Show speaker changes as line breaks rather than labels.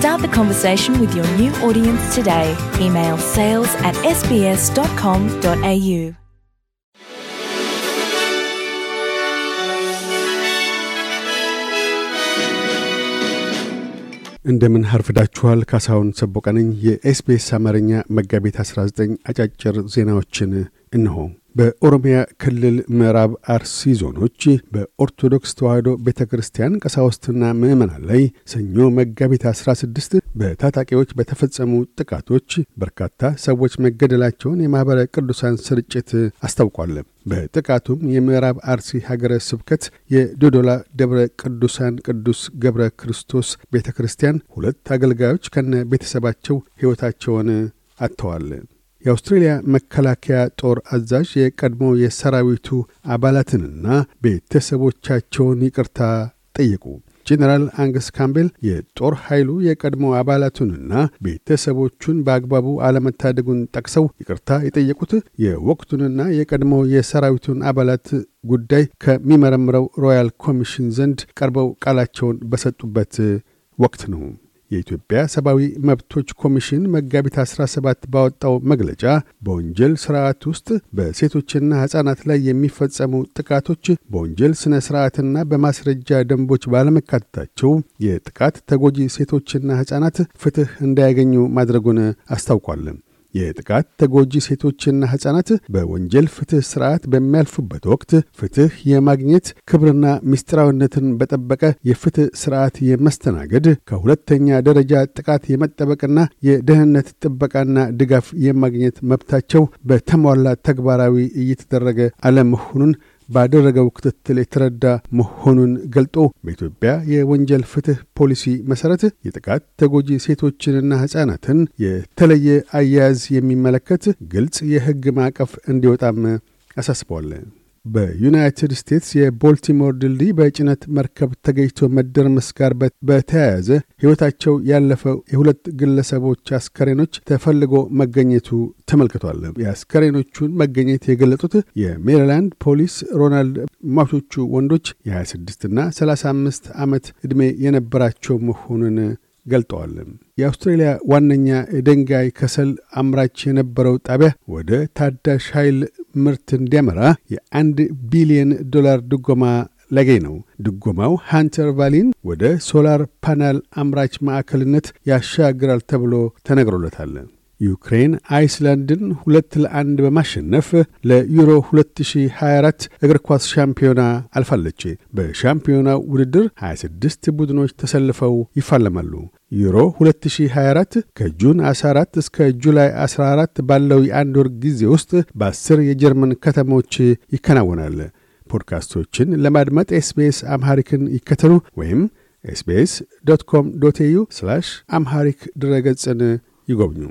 Start the conversation with your new audience today. Email sales at sbs.com.au.
እንደምን አርፍዳችኋል። ካሳሁን ሰቦቀነኝ የኤስቢኤስ አማርኛ መጋቢት 19 አጫጭር ዜናዎችን እነሆ። በኦሮሚያ ክልል ምዕራብ አርሲ ዞኖች በኦርቶዶክስ ተዋሕዶ ቤተ ክርስቲያን ቀሳውስትና ምዕመናን ላይ ሰኞ መጋቢት 16 በታጣቂዎች በተፈጸሙ ጥቃቶች በርካታ ሰዎች መገደላቸውን የማኅበረ ቅዱሳን ስርጭት አስታውቋል። በጥቃቱም የምዕራብ አርሲ ሀገረ ስብከት የዶዶላ ደብረ ቅዱሳን ቅዱስ ገብረ ክርስቶስ ቤተ ክርስቲያን ሁለት አገልጋዮች ከነ ቤተሰባቸው ሕይወታቸውን አጥተዋል። የአውስትሬልያ መከላከያ ጦር አዛዥ የቀድሞ የሰራዊቱ አባላትንና ቤተሰቦቻቸውን ይቅርታ ጠየቁ። ጄኔራል አንግስ ካምቤል የጦር ኃይሉ የቀድሞ አባላቱንና ቤተሰቦቹን በአግባቡ አለመታደጉን ጠቅሰው ይቅርታ የጠየቁት የወቅቱንና የቀድሞ የሰራዊቱን አባላት ጉዳይ ከሚመረምረው ሮያል ኮሚሽን ዘንድ ቀርበው ቃላቸውን በሰጡበት ወቅት ነው። የኢትዮጵያ ሰብአዊ መብቶች ኮሚሽን መጋቢት 17 ባወጣው መግለጫ በወንጀል ስርዓት ውስጥ በሴቶችና ሕፃናት ላይ የሚፈጸሙ ጥቃቶች በወንጀል ሥነ ሥርዓትና በማስረጃ ደንቦች ባለመካተታቸው የጥቃት ተጎጂ ሴቶችና ሕፃናት ፍትሕ እንዳያገኙ ማድረጉን አስታውቋል። የጥቃት ተጎጂ ሴቶችና ሕፃናት በወንጀል ፍትሕ ሥርዓት በሚያልፉበት ወቅት ፍትሕ የማግኘት ክብርና ምስጢራዊነትን በጠበቀ የፍትሕ ሥርዓት የመስተናገድ ከሁለተኛ ደረጃ ጥቃት የመጠበቅና የደህንነት ጥበቃና ድጋፍ የማግኘት መብታቸው በተሟላ ተግባራዊ እየተደረገ አለመሆኑን ባደረገው ክትትል የተረዳ መሆኑን ገልጦ በኢትዮጵያ የወንጀል ፍትህ ፖሊሲ መሠረት የጥቃት ተጎጂ ሴቶችንና ሕፃናትን የተለየ አያያዝ የሚመለከት ግልጽ የሕግ ማዕቀፍ እንዲወጣም አሳስበዋል። በዩናይትድ ስቴትስ የቦልቲሞር ድልድይ በጭነት መርከብ ተገኝቶ መደርመስ ጋር በተያያዘ ሕይወታቸው ያለፈው የሁለት ግለሰቦች አስከሬኖች ተፈልጎ መገኘቱ ተመልክቷል። የአስከሬኖቹን መገኘት የገለጡት የሜሪላንድ ፖሊስ ሮናልድ ሟቾቹ ወንዶች የ26 እና 35 ዓመት ዕድሜ የነበራቸው መሆኑን ገልጠዋል። የአውስትሬልያ ዋነኛ የድንጋይ ከሰል አምራች የነበረው ጣቢያ ወደ ታዳሽ ኃይል ምርት እንዲያመራ የአንድ ቢሊየን ዶላር ድጎማ ለገኝ ነው። ድጎማው ሃንተር ቫሊን ወደ ሶላር ፓናል አምራች ማዕከልነት ያሻግራል ተብሎ ተነግሮለታል። ዩክሬን አይስላንድን ሁለት ለአንድ በማሸነፍ ለዩሮ 2024 እግር ኳስ ሻምፒዮና አልፋለች። በሻምፒዮናው ውድድር 26 ቡድኖች ተሰልፈው ይፋለማሉ። ዩሮ 2024 ከጁን 14 እስከ ጁላይ 14 ባለው የአንድ ወር ጊዜ ውስጥ በአስር የጀርመን ከተሞች ይከናወናል። ፖድካስቶችን ለማድመጥ ኤስቤስ አምሃሪክን ይከተሉ ወይም ኤስቤስ ዶት ኮም ዶት ኤዩ አምሃሪክ ድረገጽን ይጎብኙ።